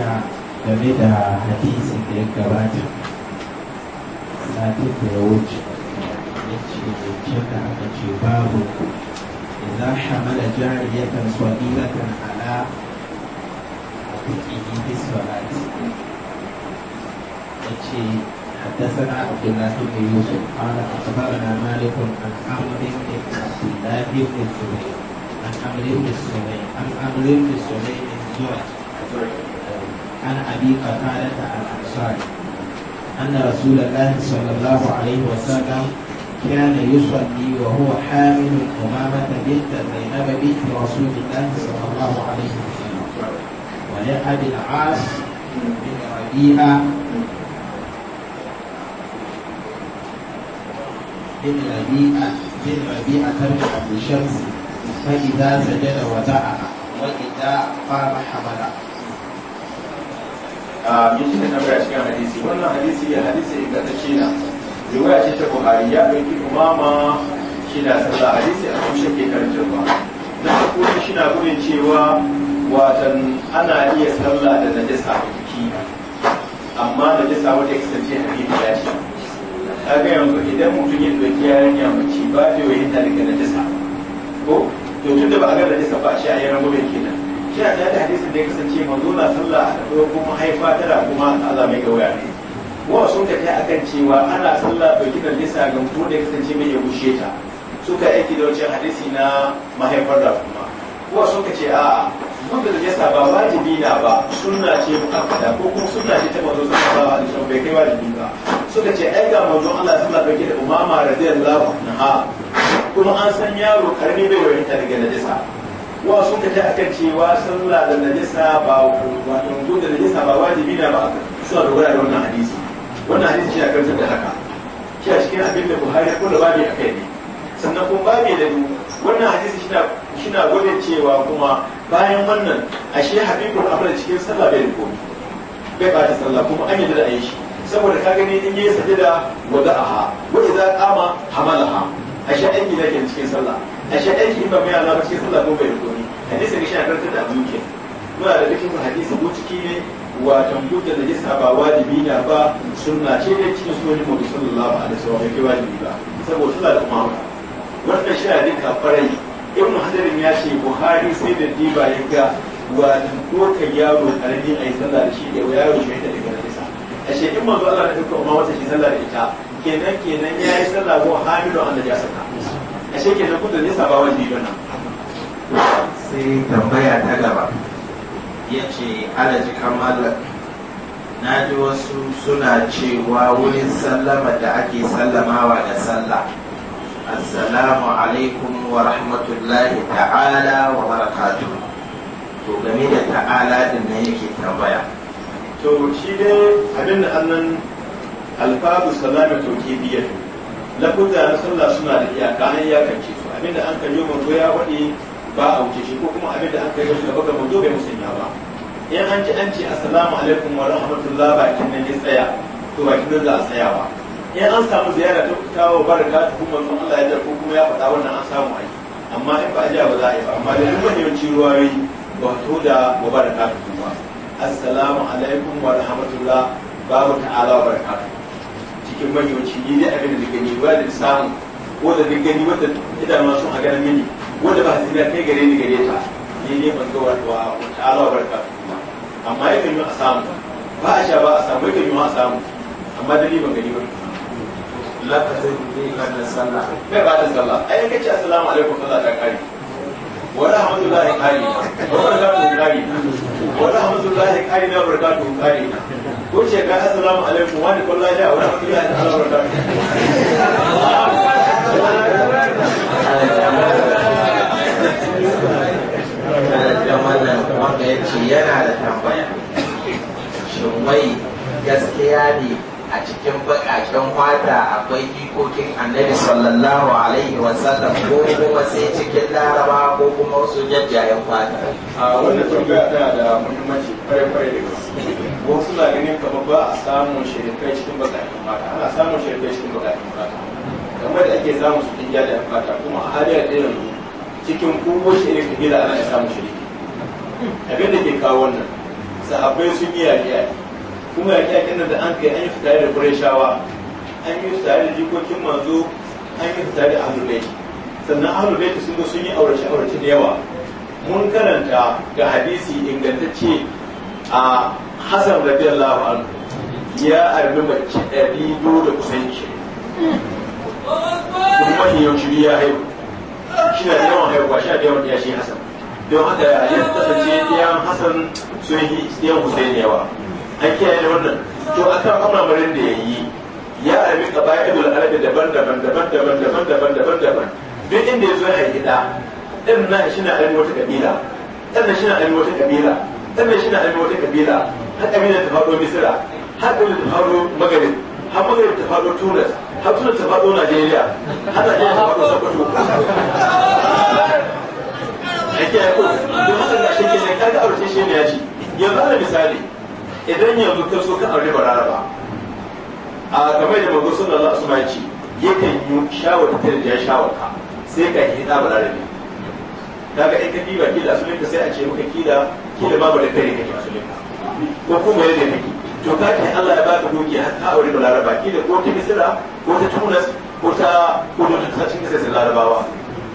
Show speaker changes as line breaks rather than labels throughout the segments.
ya game da hadisin da ya gabata satin da ya wuce ya ce cin da aka ce babu idza hamala jariyatan swadilatan ala aqiqihi fi salati ya ce حدثنا عبد الله بن يوسف قال اخبرنا مالك عن عمرو بن عبد الله بن الزبير عن عمرو بن السمي عن عمرو بن عن أبي قتادة الأنصاري أن رسول الله صلى الله عليه وسلم كان يصلي وهو حامل أمامة بنت زينب بنت رسول الله صلى الله عليه وسلم ولأبي العاص بن ربيعة بن ربيعة بن ربيعة بن عبد الشمس فإذا سجد ودعا وإذا قام حمله a shi ne tambaya kan hadisi wannan hadisi ya hadisi ingantacce na riwaya ce ta buhari ya ɗauki umama shi na sallah hadisi a kuma shi karanta ba na farko shi na gudun cewa watan ana iya sallah da najasa a jiki amma najasa wata ya kasance hadisi ya ce kaga yanzu idan mutum ya ɗauki yarinya mace ba da yawayin ta daga najasa ko to tunda ba a ga najasa ba shi a yi ramurin kenan shi a ta hadisi hadisin da ya kasance manzo na sallah ko kuma haifa tana kuma Allah mai gauya wa sun ka kai akan cewa ana sallah bai kidan lissa ga mutum da ya kasance mai ya bushe ta suka aiki da wancan hadisi na mahaifar da kuma wa sun ka ce a mun da najasa ba wajibi na ba sunna ce muakkada ko kuma sunna ce ta manzo sallallahu alaihi wasallam bai kai wajibi ba suka ce ai ga manzo Allah sallallahu alaihi wasallam da umama radiyallahu anha kuma an san yaro karni bai wani ta daga najasa wa sun ka ta akan cewa sallah da najisa ba wato ko da najisa ba wajibi da ba suna dogara da wannan hadisi wannan hadisi ya akan da haka shi a cikin abin da Buhari ko da babu kai ne sannan kuma babu da mu wannan hadisi shina gwada cewa kuma bayan wannan ashe habibul amr cikin sallah bai da bai ba ta sallah kuma an yi da ayi shi saboda ka gani in yi sajada wada'aha wa idza qama hamalaha ashe an yi da cikin sallah a shi aiki ba mai Allah ba ce sallah ko bai koyi hadisi ne shi a karanta da dukiya muna da dukkan hadisi ko ciki ne watan hujjar da jisa ba wajibi na ba sunna ce ne cikin sunan Muhammad sallallahu alaihi wa sallam bai wajibi ba saboda sallah da umma wannan shi a dukkan farai ibn hadarin ya ce buhari sai da diba ya ga watan ko ka yaro karami a yi sallah da shi da yaro shi da daga nisa a shi in manzo Allah da dukkan umma wata shi sallah da ita kenan kenan ya yi sallah ko hamilu an da ya saka a shekin na kudu nisa ba wani sai tambaya ta gaba ya ce alaji kamala na ji wasu suna cewa wurin sallama da ake sallamawa da sallah assalamu alaikum wa rahmatullahi ta'ala wa barakatu to game da ta'ala din nan yake tambaya to shi dai abin da annan alfabu salamatu to kibiyatu lafuta na sallah suna da iyaka ya iyakance su abinda an yi manzo ya wadi ba a wuce shi ko kuma abinda an yi shi gaba ga manzo bai musanya ba in an ji an ce assalamu alaikum wa rahmatullahi bakin nan ya tsaya to bakin nan za a ba in an samu ziyara ta kawo baraka ta kuma manzo Allah ya ko kuma ya faɗa wannan an samu aiki amma in ba a ba za a yi ba amma da duk wani yawanci ruwa ba to da wa baraka ta kuma assalamu alaikum wa rahmatullahi babu ta'ala wa barakatuh cikin majiwanci ni ne abin da na gani ba da samu wanda na gani wanda sun a ganin mini wanda ba su kai gare ni gare ta ni ne ban ga wa ta'ala barka amma yakan yi a samu ba a sha ba a samu yakan yi a samu amma dani ban gani ba lafazin ne sallah ba da sallah assalamu alaikum wala wala wala ko ce ka assalamu alaikum wa ni kullahi da wa rahmatullahi da Allah wanda ya ce yana da tambaya shin wai gaskiya ne a cikin baƙaƙen fata akwai ikokin annabi sallallahu alaihi wasallam ko kuma sai cikin laraba ko kuma wasu jajjayen fata a wannan tambaya tana da muhimmanci kwarai kwarai da gaske ko suna ganin kamar ba a samun shirikai cikin bakakin mata ana samun shirikai cikin bakakin mata kamar da ake samun su cikin jajayen mata kuma a hariyar irin cikin shirin ka gida ana samun shiriki abin da ke kawo wannan sahabbai sun yi yaƙi kuma yaƙi nan da an kai an yi fitare da ƙurashawa an yi fitare da jikokin manzo an yi fitare da ahlul sannan ahlul baiti sun zo sun yi aurace aurace da yawa mun karanta ga hadisi ingantacce a hasan radiyallahu anhu ya arbi mace ɗari biyu da kusanci kuma mafi shi ya haihu shi na yawan haihuwa shi na yawan ya shi hasan don haka ya kasance ya hasan sun yi ɗiyan husaini yawa an kiyaye wannan to a kan amamarin da ya yi ya arbi ƙaba'idul arabi daban-daban daban-daban daban-daban daban-daban duk inda ya zo ya haifi ɗa ɗan na shi na arbi wata ƙabila ɗan na shi na arbi wata ƙabila ɗan na shi na arbi wata ƙabila haka amina ta faɗo misira haka amina ta faɗo magarib har magarib ta faɗo tunis har tunis ta faɗo najeriya har da ta faɗo sokoto ke yako don haka da shi kenan kaga aure shi ne ya ci yanzu ana misali idan yanzu ka so ka aure bararaba a kamar da mago suna Allah su mai ci yakan yi shawar da ya ka, sai ka yi hita bararrabe kaga in ka diba kila sulika sai a ce maka kila kila babu da kare kake asulin ka ko kuma yadda kake to ka ce Allah ya baka dukiya har ka aure Laraba ki da ko ta misira ko ta tunas ko ta ko ta cikin kisa sai larabawa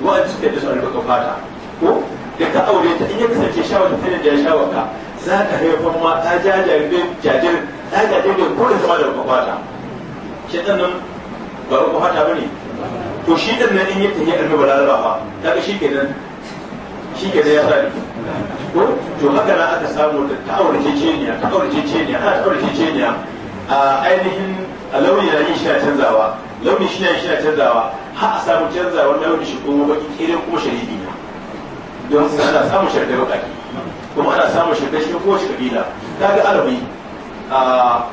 a cikin da sauran baka fata ko da ka aure ta in ya kasance shawar ta da ya shawar ka za ka haifar ma ta jajayen jajir ta jajayen ko da sama da baka fata shi nan ba baka fata bane to shi din nan in ya tafi ba balaraba fa ga shi kenan shi kenan ya sa ko to haka na aka samu da ta aurace ceniya ta aurace ceniya ta aurace ceniya a ainihin a launi yin shi na canzawa launin shi na shi canzawa har a samu canzawa na launi shi kuma baki kere kuma shari'i ne don su ana samun shaidar baki kuma ana samun shaidar shi ko shi kabila ta ga arabi a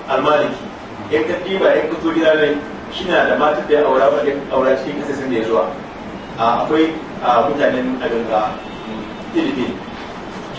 almaliki yan ka ba yan kuto zo gida ne shi na da matar da ya aura ba ya aura cikin sun da ya zuwa akwai mutanen a ganga filifin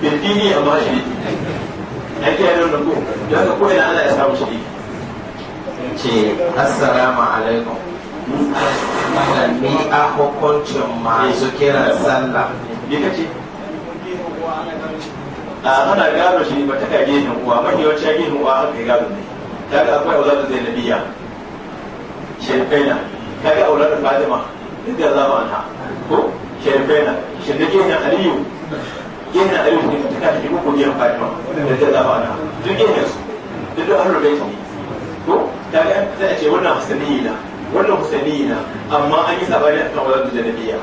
Bin a ma shi ake yanar da ku don ka koyi da ana ya samu shi ce assalamu alaikum ni a hukuncin masu kiran sallah ne ka ce a hana gano shi ba ta ka gehen uwa mafi yawanci ya gehen uwa aka yi gado ne ga akwai da aulatu zainabiya shirfaina kaga aulatu fatima duk da zama na ko shirfaina shirfaina aliyu gehen da ɗari ne ta tafi ko gehen fatima da ta zaba na duk gehen su duk da ahlul bait ne to da ga sai ce wannan husaini na wannan husaini na amma an yi sabani kan wannan da nabiya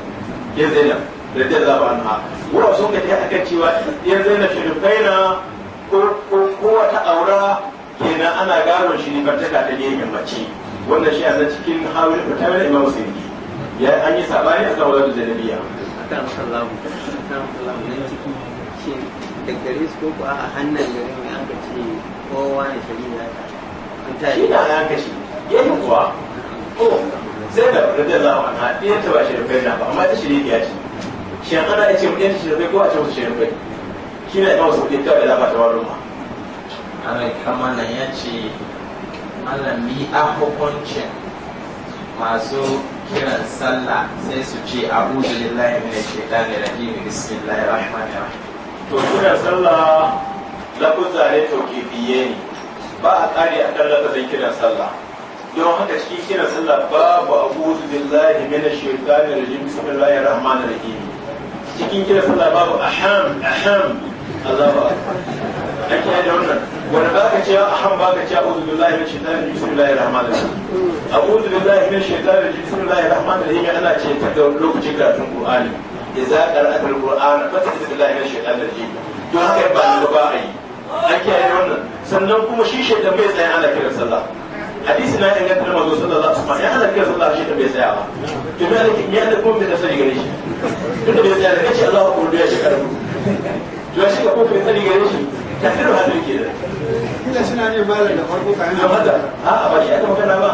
ya zaina da ta zaba na wurin sun ga ta a akan cewa ya zainab shirfaina ko ko wata aura kenan ana gano shi ne bartaka da gefen mace wannan shi a cikin hawil fatawar imam sirri ya an yi sabani kan wannan da nabiya akara maka labu akara maka labu nan ciki shi da su ko a hannun gare mai aka ce kowa ne shari da aka an ta yi da aka ya yi kuwa ko sai da rabiyar lawan na ɗaya ta ba shirin bai na ba amma ta shirin ya ce shi an ana ce mutum ta shirin bai ko a ce musu shirin bai shi ne kawai su kuɗi kawai da ba ta warin ma. Amai kamana ya ce malami a hukuncin masu kiran sallah sai su ce a'udhu billahi da shaitani rajim bismillahir rahmanir rahim to kiran sallah lafuzza ne tawqifiyye ne ba a tsari a akan lafazin kiran sallah don haka shi kiran sallah babu a'udhu billahi minash shaitani rajim bismillahir rahmanir rahim cikin kiran sallah babu aham aham Allahu akbar ake da wannan Wani ba ka cewa a ba ka cewa a'udhu billahi min shaitanir rajim bismillahir rahmanir rahim a'udhu billahi min shaitanir rajim bismillahir rahmanir rahim ana ce ta da lokacin karatun qur'ani idza qara'atul qur'ana fasta'id billahi min shaitanir rajim don haka ba ni ba ai an kiyaye wannan sannan kuma shi shaitan bai tsaya ana kiran sallah hadisi na na mazo sallallahu alaihi wasallam ya hana kiran sallah shi da bai tsaya ba to me ne me ne kuma gare shi tunda bai tsaya da kace Allahu akbar ya shi karbu to ya shi ka kuma bai tsari gare shi kafiru hadu kenan wannan suna ne malam da farko kayan da haka a ba shi aka magana ba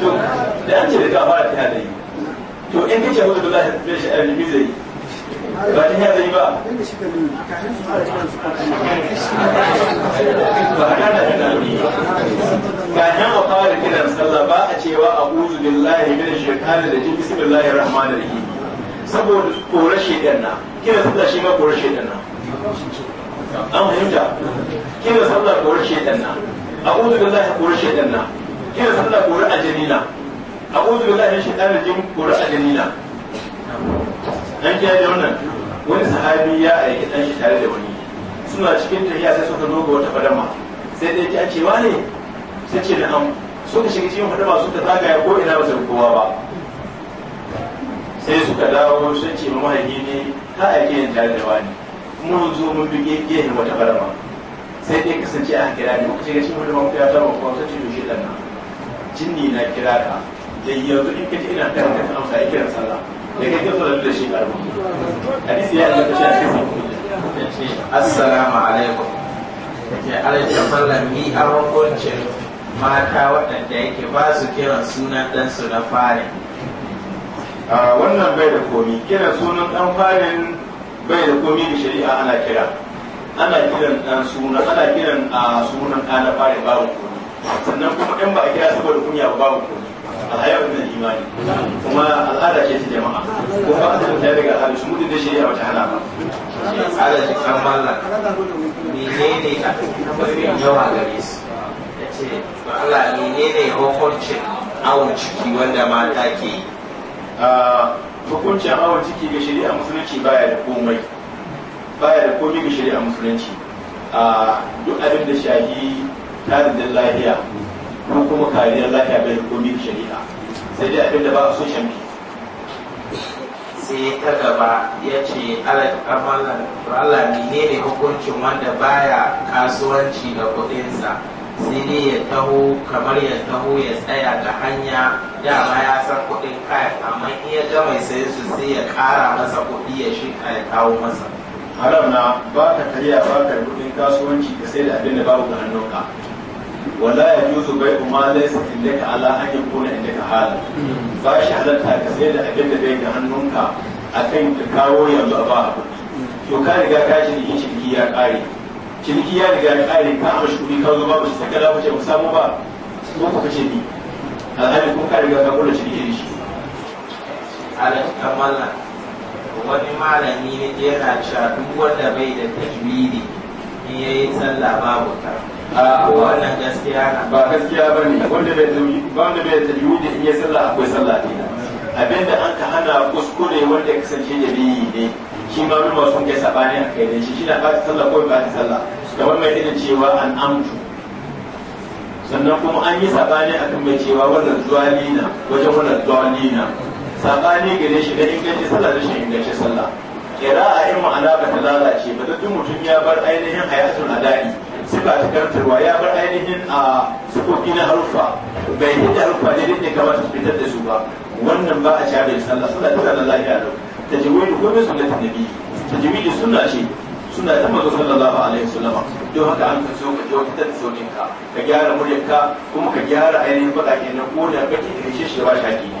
to da an ce da ka fara ta da yi to in kace wani dole zai shi alimi zai ba ta yi zai ba ba ka da kana ni kayan wa fara kiran sallah ba a cewa a'udhu billahi minash shaitani rajim bismillahir rahmanir rahim saboda korar shedan na kina sallah shi ma korar shedan na an fahimta kina sallah kowar shaitan na a'udhu billahi kowar shaitan na kina sallah kowar ajanina a'udhu billahi shaitanir jin kowar ajanina dan kiyaye wannan wani sahabi ya aiki dan shi tare da wani suna cikin tafiya sai suka zo ga wata fadama sai dai ki a cewa ne sai ce da an suka shiga cikin fadama suka zagaya ko ina ba su kowa ba sai suka dawo sun ce mahaifi ne ka aiki yin tare da wani mun zo mun bi ne wata barama sai dai kasance a kira ne muka shiga cikin wata mafiya ta mafi wata ce shi ɗan nan jinni na kira ka da yanzu in ka ji ina ɗan ka amsa ya kiran sallah da kai kasa da shi ƙarfi hadisi ya ɗauka shi a cikin assalamu alaikum ke alaikum sallah ni a rukuncin mata waɗanda yake ba su kiran sunan ɗansu na farin ah, wannan bai da komi kira sunan ɗan farin bai da komi da shari'a ana kira ana kiran dan suna ana kiran a sunan ɗan fare babu komi sannan kuma dan ba a kira saboda kunya ba babu komi hayar da imani kuma al'ada ce ta jama'a ko ba a ta daga al'ada su mutu da shari'a wata hana ba al'ada ce kan mallan menene a mafi yawa gare su ce Allah menene hukuncin awon ciki wanda mata ke hukuncin awon ciki ga shari'a musulunci baya da komai baya da komai ga shari'a musulunci a duk abin da shafi tarin lafiya ko kuma kariyar lafiya bai da komai ga shari'a sai dai abin da ba a so shamfi sai ta gaba ya ce Allah ne ne hukuncin wanda baya kasuwanci da kuɗinsa sai ya taho kamar ya taho ya tsaya ga hanya dama ya san kuɗin kaya amma in ya ga mai sayan su sai ya ƙara masa kuɗi ya shi ya kawo masa haram na ba ka karya ba ka kuɗin kasuwanci ka sai da abin da babu ga hannunka wala ya juzu bai kuma laysa indaka ala an inda indaka hala. ba shi halatta ka sai da abin da bai ga hannunka akan ka kawo yanzu a ba kuɗi to ka riga ka shi ya ƙare ciniki ya riga ya kare ka ba shi ka zo babu shi saka da wuce ba samu ba ko ku kace ni alhali kuma ka riga ka kula shi da shi alhaji kamala wani malami ne ke yana cewa duk wanda bai da tajwidi in yi sallah babu ta a wannan gaskiya na ba gaskiya bane wanda bai da wanda bai da tajwidi in yayi sallah akwai sallah ne abinda an ka hana kuskure wanda ya kasance da biyi ne shi ma ruwa sun kai sabani a kai shi shi na ba ta sallah ko ba ta sallah da wani mai tana cewa an amtu sannan kuma an yi sabani kan mai cewa wannan na wajen wannan na sabani gare shi da inganci sallah da shi inganci sallah a irin ma'ana ba ta lalace ba duk mutum ya bar ainihin hayatul su sifa ta karantarwa ya bar ainihin a sukoki na harufa bai da harufa ne da kamata su fitar da su ba wannan ba a shaɗin sallah sallah ta lafiya lau tajwidu kullu sunnati nabi tajwidu sunna ce suna ta manzo sallallahu alaihi wasallam don haka an kaso ka je wata tsonin ka ka gyara ka kuma ka gyara ainihin baƙaƙe na koda kake da shi shi ba shaki ne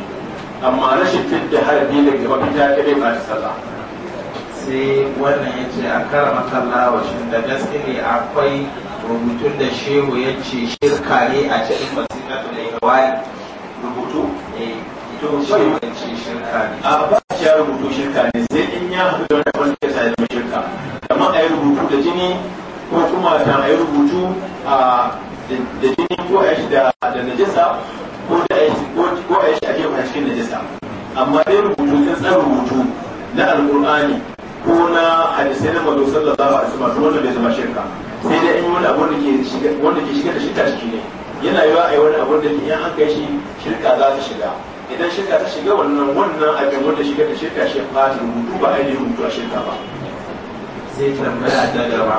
amma rashin har harbi da gaba fita ta bai ba sallah sai wannan ya ce a karama sallah wa shin da gaske ne akwai rubutun da shehu ya ce shirka ne a cikin wasiƙatu da ya rubutu eh to shehu ya ce shirka ne ya rubutu shirka ne sai in ya haɗu da wani ya sa da shirka kamar a yi rubutu da jini ko kuma da a yi rubutu da jini ko a yi da najasa ko da ko a yi shi a jefa cikin najasa amma dai rubutu in tsan rubutu na alƙur'ani ko na hadisai na mazo sallallahu alaihi wasallam wanda bai zama shirka sai dai in wani abu da ke shiga wanda ke shiga da shirka ciki ne yana yiwa a yi wani abu da ke yan hankali shi shirka za ta shiga idan shirka ta shiga wannan wannan abin wanda shiga da shirka shi da rubutu ba ainihin rubutu a shirka ba zai tambaya da gaba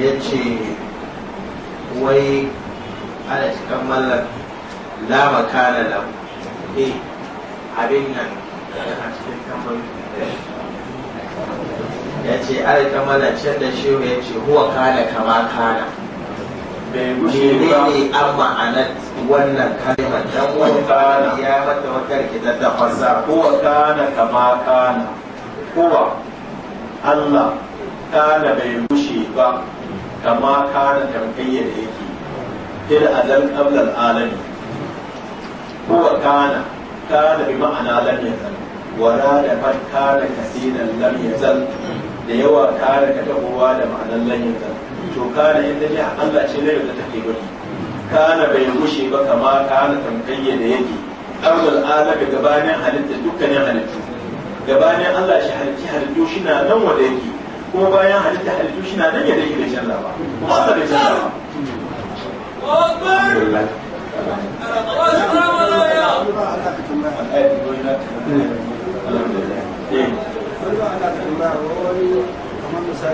ya ce wai ana cikin mallar lama kana da e eh, abin nan a cikin kamar ya ce ana kamar da ciyar da shi ya ce huwa kana kama kana menene an ma'anar wannan kalmar dan wani kana ya mata wata rikita da fasa kowa kana kama kana kowa Allah kana bai bushe ba kama kana tamkayya da yake il adal qabla al alami kowa kana kana bi ma'ana lam yazal wala da man kana kasidan lam yazal da yawa kana ka tabowa da ma'anar lam yazal to kana yadda a Allah ce ne da take gudu kana bai mushe ba kama kana tamkayya da yake arzul alaka gabanin halitta dukkanin halittu gabanin Allah shi halitta halittu shi na nan wanda yake kuma bayan halitta halittu shi na nan da ba kuma Allah bai ba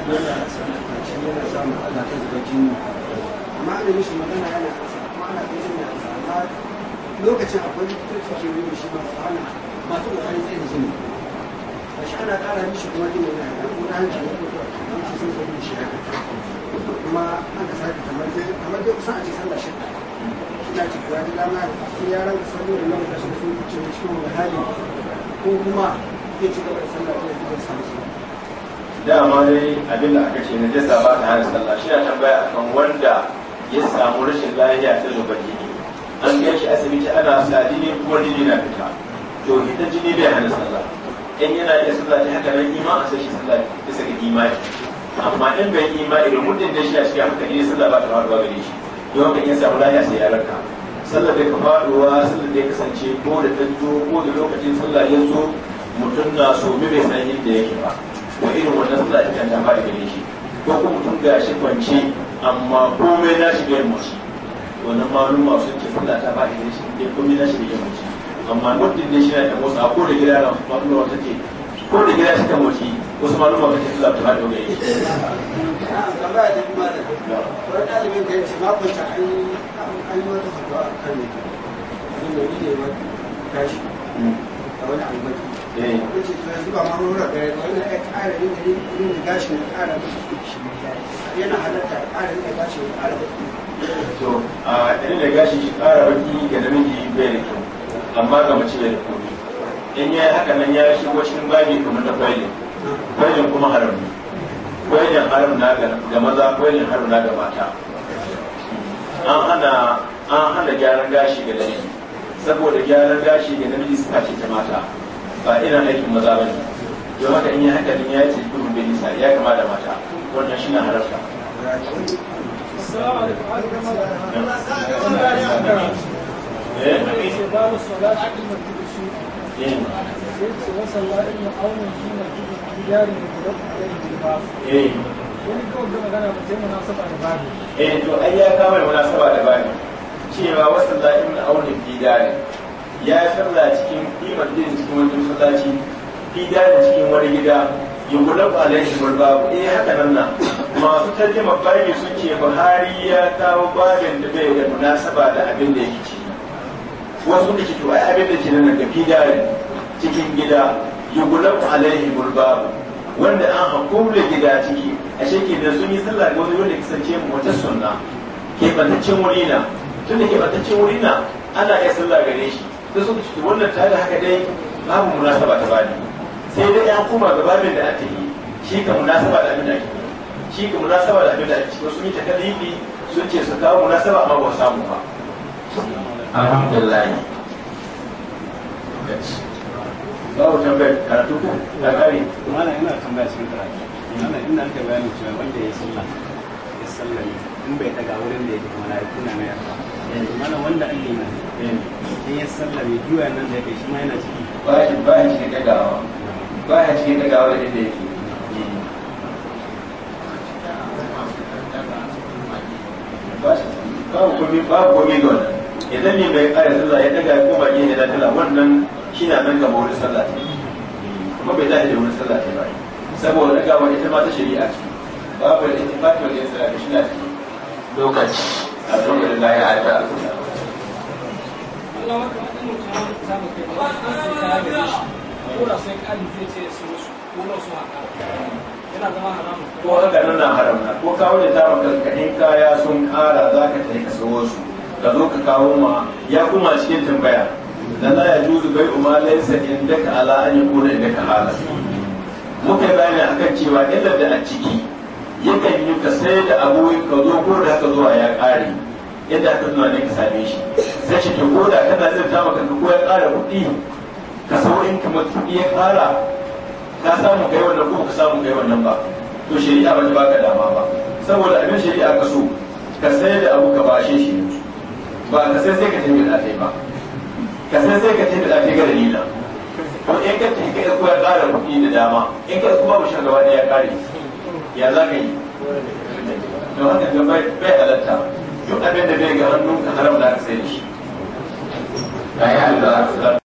Alhamdulillah. yana samun ana ta zuba jini amma ana mishi magana yana kuma ana ta jini amma lokacin akwai likitoci ke yi shi hana masu tsaye da jini a shi ana kara mishi kuma jini yana da kuma hanci ne sun ya kuma sake kamar dai kamar dai kusan a ce sallah ina ci kuwa da yaran da sallah da lokacin sun fice cikin wani hali ko kuma ci gaba da sallah ta yi da dama dai abin da aka ce na jasa ba ta hana sallah shi na tambaya akan wanda ya samu rashin lafiya ta zubar jini an kai shi asibiti ana sa jini ko jini na fita to hita jini bai hana sallah in yana iya sallah ta haka nan iman a sashi sallah bisa ga imani amma in bai imani da muddin da shi a cikin haka jini sallah ba ta faruwa gare shi don haka in samu lafiya sai ya raka sallah bai ka faruwa sallah bai kasance ko da ta ko da lokacin sallah ya zo mutum na so bai san yadda yake ba wa irin wannan suna da ta dama da gare shi ko kuma mutum ga shi kwance amma komai na shi bai masu wannan malum masu ke suna ta ba gare shi ne komai na shi bai masu amma mutum ne shi na da motsa ko da gida na malum wata ce ko da gida shi ta motsi wasu malum masu ke suna ta da gare shi. da kuma da da yi wata kan kace to zuba ma da yana to a gashi shi ƙara baki ga namiji bai da kyau amma ga mace bai da komi in ya yi haka nan ya shigo cikin babi kamar na kwailin kwailin kuma haram ne kwailin haram na ga maza kwailin haram na ga mata an hana an hana gyaran gashi ga namiji saboda gyaran gashi ga namiji suka ce ta mata ba irin aikin maza ba ne don haka in yi haka din ya ce duk bai nisa ya kama da mata wannan shi na halarta eh. Eh. eh to ai ya kama da munasaba da bani cewa wasu la'in aunin ya yi cikin imar din cikin wani masallaci fi da cikin wani gida ya yugulabu shi wal babu eh haka nan na masu tarjuma bayi suke Buhari ya kawo babin da bai da munasaba da abin da yake ci wasu da to ai abin da ke nan da fi da cikin gida ya yugulabu alaihi shi babu wanda an hakumle gida ciki a shekin da sun yi sallah ga wani wanda kisance mu wata sunna keɓantaccen wuri na tun da keɓantaccen wuri na ana iya sallah gare shi da sun ci wannan tare haka dai babu munasaba ta bani sai dai an koma ga babin da ake yi shi ka munasaba da abin da ake shi ka munasaba da abin da ake wasu yi takalifi sun ce su kawo munasaba amma ba samu ba alhamdulillah babu tambayar karatu ko da kare mana ina tambaya cikin karatu ina ina ka bayani cewa wanda ya sallah ya sallah in bai daga wurin da yake kuma na yi kuna na yarda mana wanda an yi eh. sai ya sallame juya nan da kai shi ma yana ciki ba ya shi dagawa ba ya shi dagawa da yake babu komai babu komai ga wannan idan ne bai kare sallah ya daga ko ba yin da sallah wannan shi na nan gaba wurin sallah ta kuma bai zai da wurin sallah ta ba saboda daga wani ita ma ta shari'a ce babu da ita ba ta wani sallah shi na lokaci alhamdulillah ya haɗa ko haka nan na haramna ko kawo da ta makarkarin kaya sun ƙara za ka tafi ka sawo su ka zo ka kawo ma ya kuma cikin tambaya da za ya juzu bai umar laisa inda ka ala an yi kuna inda ka hala muka yi bayani kan cewa illar da a ciki yakan yi ka sai da abu ka zo ko da ka zo a ya ƙare yadda ka zuwa ne ka same shi sai shi ke ko da kana zai ta maka ko ya ƙara kuɗi ka in kamar kuɗi ya ƙara ka samu kai wannan ko ka samu kai wannan ba to shari'a ba ta baka dama ba saboda abin shari'a ka so ka sai da abu ka bashe shi ba ka sai sai ka tafi da ba ka sai sai ka tafi da ga dalila ko in ka tafi ka ya ƙara kuɗi da dama in ka kuma mu shan gaba ya ƙare ya za ka yi don haka ga bai halatta duk abin da bai ga hannun ka haram da aka sai shi ya yi halatta